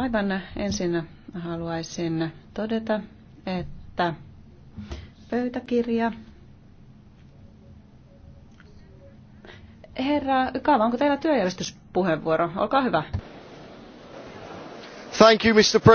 Aivan ensin haluaisin todeta, että pöytäkirja. Herra Kaava, onko teillä työjärjestyspuheenvuoro? Olkaa hyvä. Thank you, Mr. President.